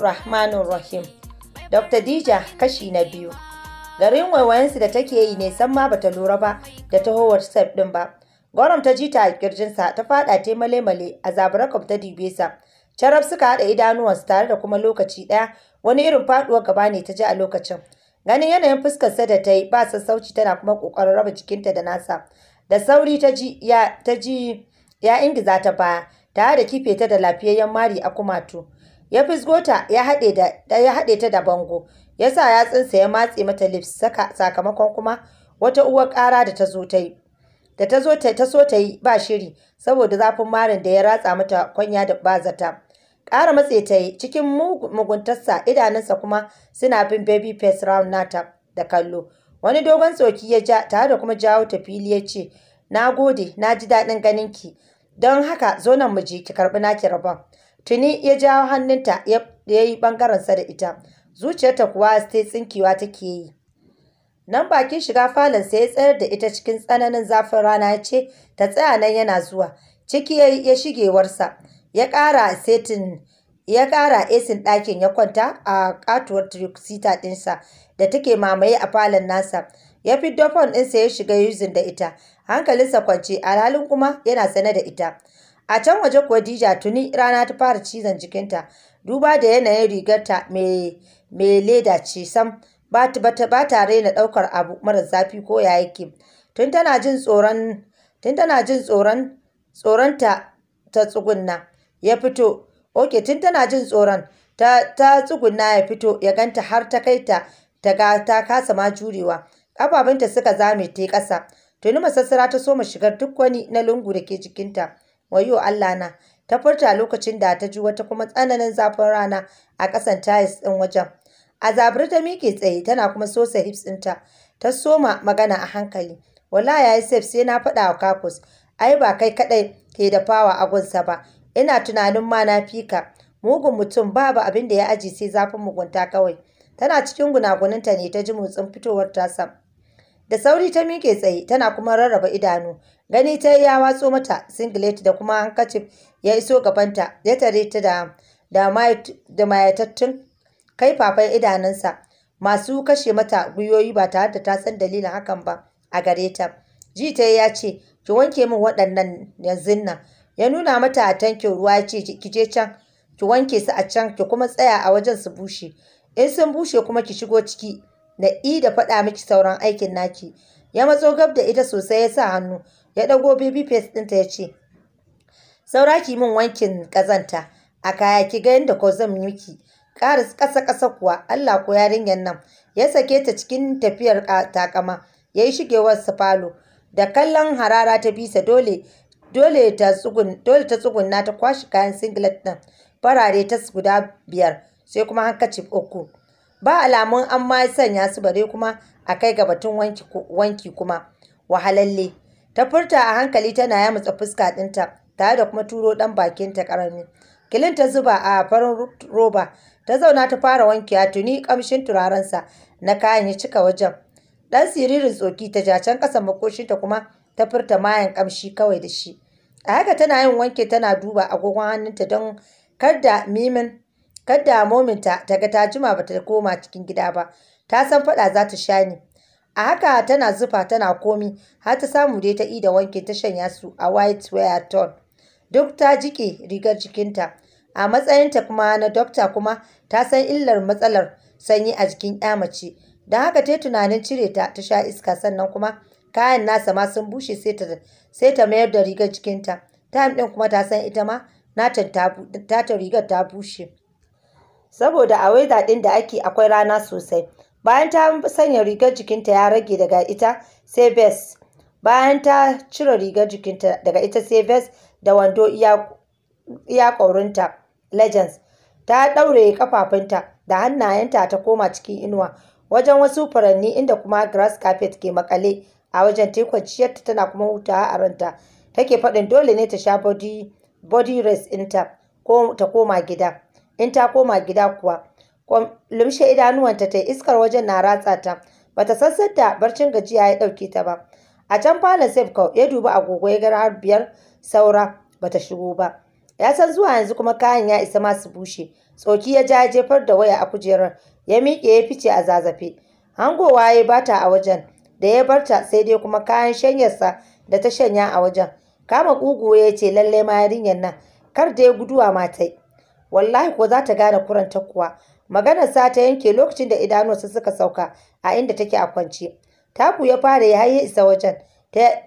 rahim. Dr. Dija kashi na biyu. Garin waiwayensu da take yi ne san ma bata lura ba da tahowar sef ɗin ba. Gorom ta ji ta a kirjinsa ta fada ta male-male a zabura ta dibe sa. Carab suka haɗa idanuwansu tare da kuma lokaci ɗaya wani irin faɗuwar gaba ne ta ji a lokacin. Ganin yanayin fuskarsa da ta yi ba sassauci tana kuma ƙoƙarin raba jikinta da nasa. Da sauri ta ji ya ta ji ya ingiza ta baya tare da kife ta da lafiyayyen mari a kumatu. ya fisgota ya haɗe ta da bango ya sa yatsinsa ya matse mata lips saka sakamakon kuma wata uwar ƙara da ta zo ta yi da ta zo ta so ta yi ba shiri saboda zafin marin da ya ratsa mata kwanya da bazata ƙara matse ta yi cikin muguntarsa idanunsa kuma suna bin baby face round nata da kallo wani dogon tsoki ya ja tare da kuma jawo ta fili ya ce na gode na ji daɗin ganinki don haka zo nan mu je ki karɓi naki rabon Tuni ya jawo hannunta ya yi ɓangarensa da ita, zuciyarta kuwa sai tsinkewa take yi. Nan bakin shiga falon sai ya tsayar da ita cikin tsananin zafin rana ya ce ta tsaya nan yana zuwa. Ciki ya shigewarsa, ya ƙara setin ya ƙara esin ɗakin ya kwanta a katuwar sita ɗinsa da take mamaye a falon nasa. Ya fi dofon ɗinsa ya shiga yuzin da ita, hankalinsa kwance alhalin kuma yana sane da ita. a can waje Kodija tuni rana ta fara cizon jikinta duba da yanayin rigarta mai leda ce sam ba ta raina ɗaukar abu mara zafi ko ya yake tun tana jin tsoron tun tana jin tsoron ta tsugunna ya fito oke tun tana jin tsoron ta tsugunna ya fito ya ganta har ta kai ta ta ga ta kasa ma jurewa ƙafafunta suka zame ta ƙasa tuni masassara ta soma shigar duk wani na lungu da ke jikinta wayo Allah na ta furta lokacin da ta ji wata kuma tsananin zafin rana a ƙasan tayis ɗin wajen a zabiri ta miƙe tsaye tana kuma sosa hips ɗinta ta soma magana a hankali wala ya yi sai na faɗa wa kakus ai ba kai kaɗai ke da fawa a gunsa ba ina tunanin ma na fika mugun mutum babu abin da ya aji sai zafin mugunta kawai tana cikin gunaguninta ne ta ji motsin fitowar tasa. Da sauri ta miƙe tsaye tana kuma rarraba idanu. Gani ta ya watso mata singlet da kuma hankacif ya iso gabanta ya tare ta da da mayatattun kaifafan idanunsa masu kashe mata gwiwoyi ba tare da ta san dalilin hakan ba a gare ta. Jita ya ce, ki wanke min waɗannan yanzu nan. Ya nuna mata a tankin ruwa ya ce, ki je can, ki wanke su a can, ki kuma tsaya a wajen su bushe. In sun bushe kuma ki shigo ciki, Da i da faɗa miki sauran aikin naki ya matso gab da ita sosai ya sa hannu ya ɗago baby face ɗinta ya ce saura ki min wankin ƙazanta a kaya ki ga yadda ko zan miki ƙara ƙasa ƙasa kuwa Allah ko yarinyar nan ya sake ta cikin tafiyar takama ya yi shigewar falo da kallon harara ta bisa dole dole ta tsugunna ta kwashe kayan singlet ɗin farare ta guda biyar sai kuma hankacif uku ba alamun an ma sanya su bare kuma a kai ga batun wanki kuma wahalalle ta furta a hankali tana yamutsa fuska ɗinta tare da kuma turo ɗan bakinta ƙarami kilin ta zuba a farin roba ta zauna ta fara wankewa tuni ƙamshin turarensa na kayan ya cika wajen ɗan siririn tsoki ta jacen ƙasan makoshinta kuma ta furta mayan ƙamshi kawai da shi a haka tana yin wanke tana duba agogon hannunta don kar da mimin Kadda mominta ta ga ta jima ba ta koma cikin gida ba, ta san faɗa za ta sha ni. A haka tana zufa tana komi har ta samu dai ta ida wanke ta shanya su a white wear ton. Duk ta jike rigar jikinta. A matsayinta kuma na dokta kuma ta san illar matsalar sanyi a jikin ya mace. Don haka ta tunanin cire ta ta sha iska sannan kuma kayan nasa ma sun bushe sai ta mayar da rigar jikinta. Ta ɗin kuma ta san ita ma ta rigar ta bushe. saboda a weda ɗin da ake akwai rana sosai bayan ta sanya rigar jikinta ya rage daga ita sai vest bayan ta cire rigar jikinta daga ita sai da wando iya ƙaurinta legends ta ɗaure kafafunta da hannayenta ta koma cikin inuwa wajen wasu furanni inda kuma grass carpet ke makale a wajen tekun ciyarta tana kuma hutawa a ranta take faɗin dole ne ta sha body body rest ɗinta ko ta koma gida in ta koma gida kuwa lumshe idanuwanta ta iskar wajen na ratsa ta bata san da barcin gajiya ya ɗauke ta ba a can falon safeco ya dubi agogo ya gara har biyar saura bata shigo ba ya san zuwa yanzu kuma kayan ya isa masu bushe tsoki ya ja jefar da waya a kujerar ya miƙe ya fice a zazafe hangowa ya bata a wajen da ya barta sai dai kuma kayan shanyarsa da ta shanya a wajen kama ƙugu ya ce lallai ma yarinyar nan kar da ya guduwa matai wallahi ko za ta gane kuranta kuwa maganar sa ta yanke lokacin da idanuwarsa suka sauka a inda take a kwance taku ya fara ya haye isa wajen ta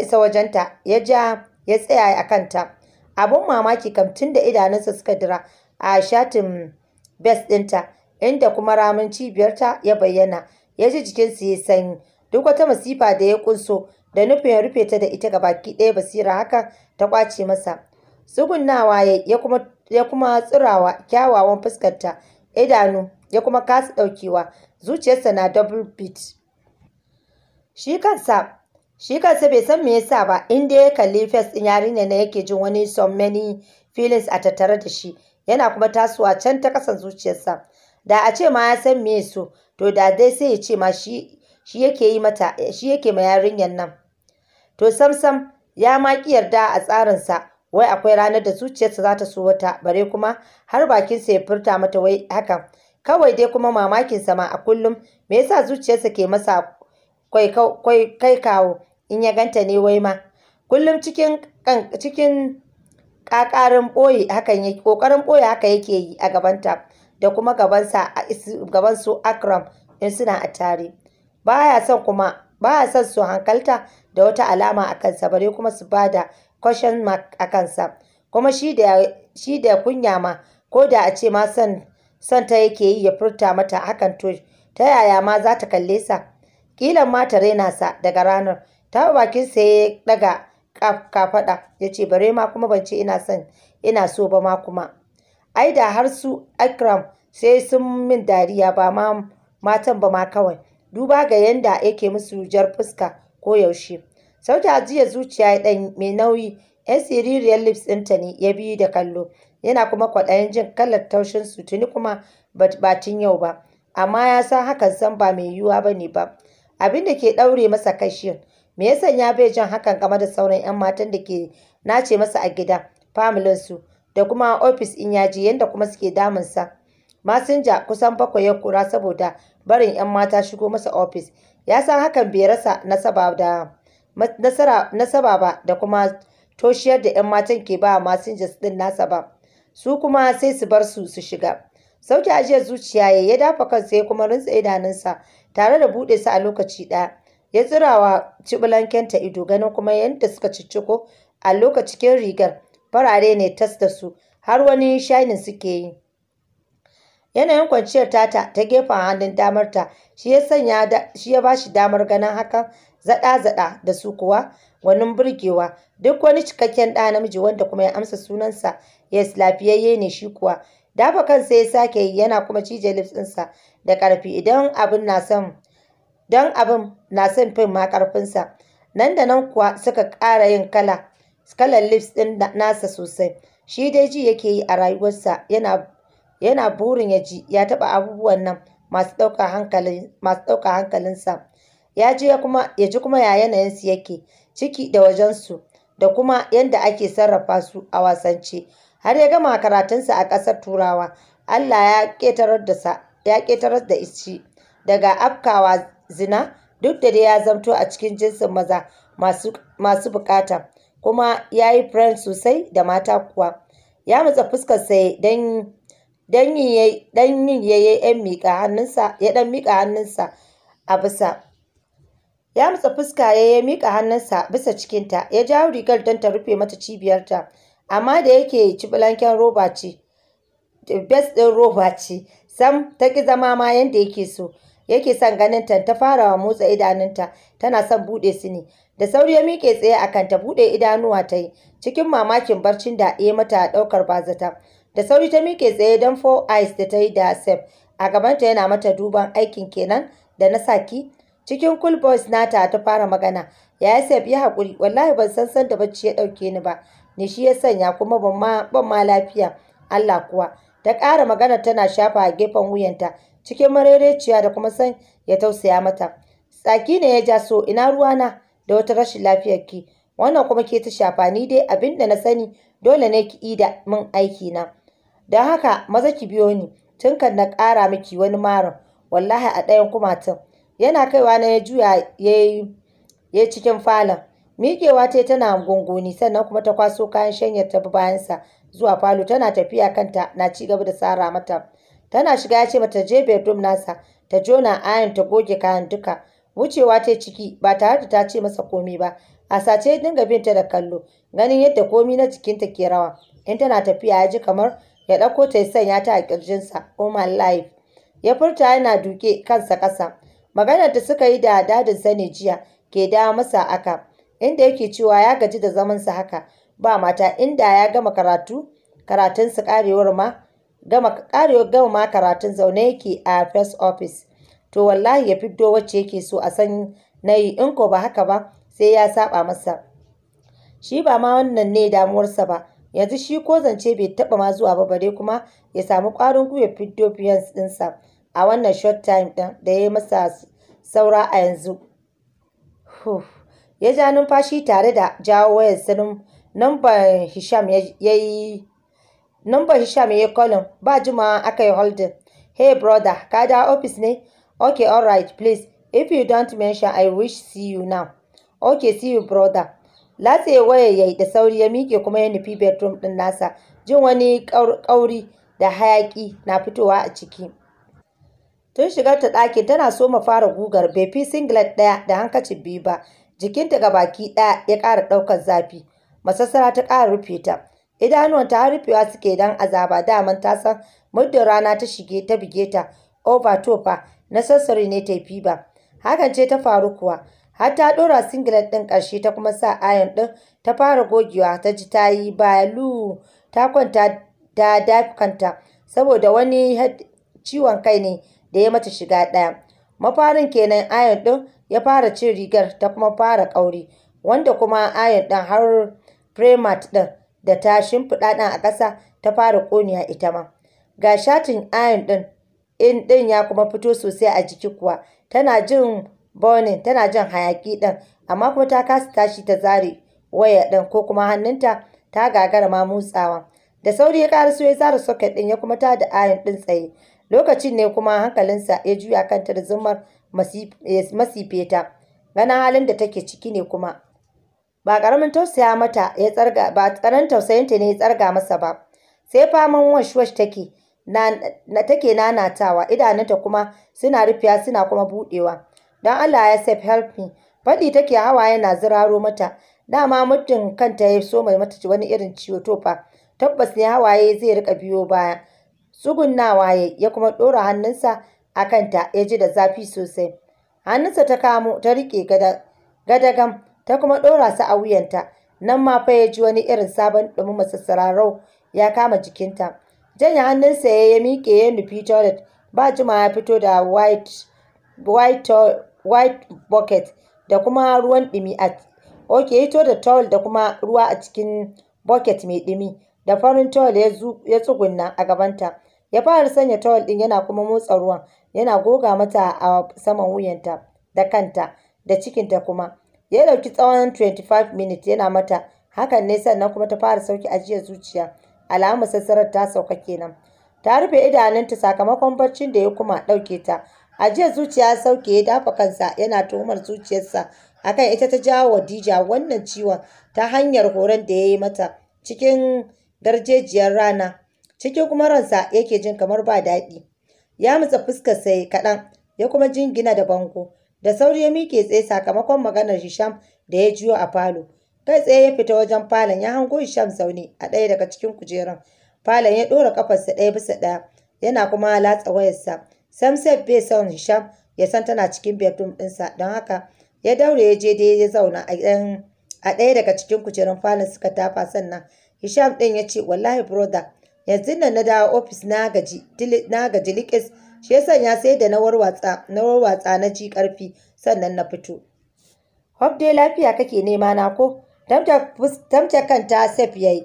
isa wajenta ya ja ya tsaya a kanta abun mamaki kam tun da idanunsa suka dira a shatin bes ɗinta inda kuma ramin cibiyarta ya bayyana ya ji jikinsu ya sanyi duk wata masifa da ya kunso da nufin ya rufe ta da ita ga baki ɗaya basira haka ta kwace masa Tsugunnawa ya kuma ya kuma tsirawa kyawawan fuskarta idanu ya kuma kasa daukewa zuciyarsa na double beat shi kansa shi kansa bai san me yasa ba inda ya kalli fes din yarinya na yake jin wani so many feelings a tattare da shi yana kuma tasuwa can ta kasan zuciyarsa da a ce ma ya san me so to da dai sai ya ce ma shi shi yake yi mata shi yake ma yarinyar nan to samsam ya maki yarda a tsarinsa wai akwai ranar da zuciyarsa za ta so wata bare kuma har bakinsa ya furta mata wai hakan kawai dai kuma sa ma a kullum me yasa zuciyarsa ke masa kai kawo in ya ganta ne wai ma kullum cikin cikin ƙaƙarin ɓoye hakan yake kokarin boye haka yake yi a gabanta da kuma gabansa gaban su akram in suna a tare baya son kuma baya son su hankalta da wata alama a kansa bare kuma su bada question mark a kansa kuma shi da kunya ma ko da a ce ma son ta yake yi ya furta mata hakan to ta yaya ma za ta kalle sa kilan ma ta raina sa daga ranar ta bakin sa ya daga kafada ya ce bare ma kuma ban ce ina son ina so ba ma kuma ai da har su akram sai sun min dariya ba ma matan ba ma kawai duba ga yanda yake musu jar fuska ko yaushe Sauke jiya zuciya ya ɗan mai nauyi, ‘yan siririyar lips ɗinta ne ya biyu da kallo, yana kuma kwaɗayin jin kalar taushin su tuni kuma batun yau ba, amma ya san hakan san ba mai yiwuwa ba ne ba. Abin da ke ɗaure masa kashin, me ya sanya bai jan hakan game da sauran 'yan matan da ke nace masa a gida, su da kuma ofis in yaji yadda kuma suke damunsa. Masinja kusan bakwai ya kura saboda barin 'yan mata shigo masa ofis, ya san hakan bai rasa nasaba da nasaba ba da kuma toshiyar da 'yan matan ke ba masu masinjas ɗin nasa ba su kuma sai su bar su su shiga sauke ajiyar zuciya ya ya dafa kansa ya kuma rinsa idanunsa tare da buɗe su a lokaci ɗaya ya tsirawa cibulankenta ido ganin kuma yadda suka cicciko a lokacin rigar farare ne tas da su har wani shainin suke yi yanayin kwanciyar tata ta gefen hannun damarta shi ya sanya shi ya bashi damar ganin hakan zaɗa-zaɗa da su kuwa gwanin burgewa duk wani cikakken ɗa namiji wanda kuma ya amsa sunansa yes lafiyayye ne shi kuwa dafa kansa ya sake yi yana kuma cije lipsinsa da ƙarfi idan abin na son don abin na son fin ma ƙarfinsa nan da nan kuwa suka ƙara yin kala kalan lips ɗin nasa sosai shi dai ji yake yi a rayuwarsa yana burin ya ji ya taɓa abubuwan nan masu ɗaukar hankalinsa ya ji kuma ya ji kuma ya yanayin su yake ciki da wajen su da kuma yanda ake sarrafa su a wasance har ya gama karatun sa a ƙasar turawa Allah ya ƙetarar da sa ya ƙetarar da ishi daga afkawa zina duk da dai ya zamto a cikin jinsin maza masu masu bukata kuma ya yi friend sosai da mata kuwa ya matsa fuskar sai dan dan yin yayi dan yin yayi ɗan miƙa hannunsa ya dan miƙa hannunsa a bisa ya matsa fuska ya ya miƙa hannunsa bisa cikinta ya jawo rigar don ta rufe mata cibiyarta amma da yake cibilanken roba ce bes ɗin roba ce sam ta ƙi zama ma yadda yake so yake son ganin ta ta fara motsa idanunta tana son buɗe su ne da sauri ya miƙe tsaye a kanta, buɗe idanuwa ta yi cikin mamakin barcin da ya mata ɗaukar bazata da sauri ta miƙe tsaye don four eyes da ta yi da sef a gabanta yana mata duban aikin kenan da na saki cikin cool Boys nata ta fara magana ya sef ya haƙuri wallahi ban san san da bacci ya ɗauke ni ba ni shi ya sanya kuma ban ma lafiya Allah kuwa ta ƙara magana tana shafa a gefen wuyanta cikin marereciya da kuma san ya tausaya mata tsaki ne ya ja so ina na, da wata rashin lafiyar ki wannan kuma ke ta shafa ni dai abin da na sani dole ne ki ida min aiki na don haka maza ki biyo ni tun kan na ƙara miki wani marin wallahi a ɗayan tun. yana kaiwa na ya juya ya yi cikin falon miƙewa ta tana gungoni sannan kuma ta kwaso kayan shanyar ta bi bayansa zuwa falo tana tafiya kanta na ci gaba da tsara mata tana shiga ya ce mata je bedroom nasa ta jona ayan ta goge kayan duka wucewa ta ciki ba tare da ta ce masa komi ba a sace dinga bin ta da kallo ganin yadda komi na jikinta ke rawa in tana tafiya ya ji kamar ya ɗauko ta sanya ta a ƙirjinsa oh my life ya furta yana duke kansa ƙasa Maganar da suka yi da dadin sani jiya ke da masa aka, inda yake cewa ya gaji da zaman sa haka ba mata inda ya gama karatu su karewar ma gama karewar gama ma karatun zaune yake a first office to wallahi ya fiddo wacce yake so a san na yi in ko ba haka ba sai ya saba masa shi ba ma wannan ne damuwarsa ba yanzu shi ko zance bai taba ma zuwa ba bare kuma ya samu ƙwarin gwiwa fiddo fiyan ɗinsa a wannan short time ɗin da ya masa saura a yanzu ya ja numfashi tare da jawo wayar sanin hisham ya yi hisham ya yi ba juma aka yi holding hey brother ka da ofis ne okay all right please if you don't mention i wish see you now okay see you brother latse ya yi da sauri ya miƙe kuma ya nufi bedroom ɗin nasa jin wani ƙauri da hayaƙi na fitowa a ciki Tun shigar ta ɗaki tana so ma fara gugar bai fi singlet ɗaya da hankacin biyu ba. Jikinta ga baki ɗaya ya ƙara ɗaukar zafi. Masassara ta ƙara rufe ta. Idanuwan ta rufewa suke dan azaba daman ta san muddin rana ta shige ta buge ta over tofa na sassare ne ta fi ba. Hakan ce ta faru kuwa. Har ta ɗora singlet ɗin ƙarshe ta kuma sa ayon ɗin ta fara gogewa ta ji ta yi lu ta kwanta da dafkanta saboda wani ciwon kai ne da ya mata shiga ɗaya. Mafarin kenan ayon ɗin ya fara cin rigar ta kuma fara ƙauri, wanda kuma ayon ɗin har primat ɗin da ta shimfiɗa ɗin a ƙasa ta fara ƙoniya ita ma. Ga shatin ayon ɗin in ɗin ya kuma fito sosai a jiki kuwa tana jin bonin tana jin hayaƙi ɗin amma kuma ta kasa tashi ta zare waya ɗin ko kuma hannunta ta gagara ma motsawa. Da sauri ya ƙara so ya zara soket ɗin ya kuma tada ayon ɗin tsaye. lokacin ne kuma hankalinsa ya juya kanta da tarzumar eh, masifeta gana halin da take ciki ne kuma ba karamin tausaya mata ya tsarga ba tausayinta ne ya tsarga masa ba sai faman wash wash take na, take nanatawa idanunta kuma suna rufiya suna kuma buɗewa don Allah ya save help me faɗi take hawa yana ziraro mata dama muddin kanta ya so mai mata wani irin ciwo to tabbas ne hawaye zai rika biyo baya tsugunnawa ya ya kuma ɗora hannunsa a kanta ya ji da zafi sosai hannunsa ta kamo ta riƙe gadagam ta kuma ɗora su a wuyanta nan ma fa ya ji wani irin sabon ɗumi masassararau ya kama jikinta janya hannunsa ya ya miƙe ya nufi toilet ba jima ya fito da white, bucket da kuma ruwan ɗumi a ok ya fito da towel da kuma ruwa a cikin bucket mai ɗumi da farin towel ya tsugunna a gabanta Ya fara sanya tawul din yana kuma motsa ruwan, yana goga mata a saman wuyanta da kanta da cikinta kuma. Ya ɗauki tsawon 25 minutes yana mata hakan ne sannan kuma ta fara sauke ajiyar zuciya. Alamun sassarar ta sauka kenan. Ta rufe idanunta sakamakon barcin da ya kuma ɗauke ta. Ajiyar zuciya sauke ya dafa kansa yana tuhumar zuciyarsa akan ita ta jawo wa Dija wannan ciwon ta hanyar horon da ya yi mata cikin darjejiyar rana. cikin kuma ransa yake jin kamar ba daɗi ya mutsa fuskar sai kaɗan ya kuma jingina da bango da sauri ya miƙe tsaye sakamakon maganar Hisham da ya jiyo a falo kai tsaye ya fita wajen falon ya hango Hisham zaune a ɗaya daga cikin kujeran falon ya ɗora kafarsa ɗaya bisa ɗaya yana kuma latsa wayarsa Samsef bai son Hisham ya san tana cikin bedroom ɗinsa don haka ya daure ya je dai ya zauna a ɗaya daga cikin kujerun falon suka tafa sannan Hisham ɗin ya ce wallahi brother yanzu nan na dawo ofis na gaji likis shi ya sanya sai da na warwatsa na ji karfi sannan na fito hop dai lafiya kake nema na ko tamta kanta sef yayi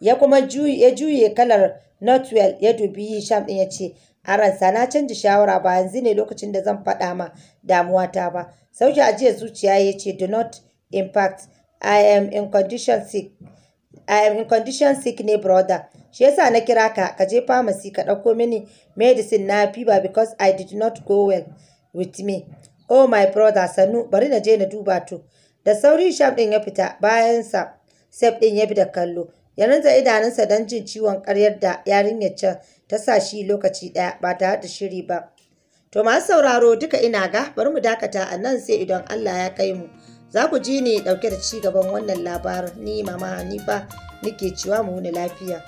ya kuma ya juye kalar notwell ya dubi yi sham din ya ce a ransa na canji shawara ba yanzu ne lokacin da zan faɗa ma damuwata ba sauki ajiyar zuciya ya ce do not impact i am in condition sick i am in condition sick ne brother shi yasa na kira ka ka je pharmacy ka ɗauko mini medicine na fever because I did not go well with me oh my brother sanu bari na je na duba to da sauri shaf din ya fita sa sef din ya bi da kallo ya rinza idanunsa don jin ciwon karyar da yarinyar can ta sa shi lokaci ɗaya ba tare da shiri ba. To masu sauraro duka ina ga bari mu dakata a nan sai idan Allah ya kai mu. Za ku ji ni dauke da ci gaban wannan labarin ni mama Hanifa nike ciwa mu ne lafiya.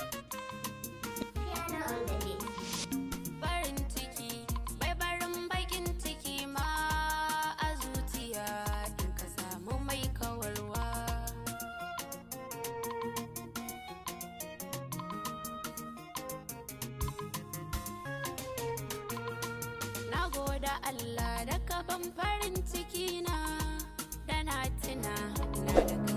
saboda Allah da kafan farin ciki na da na tuna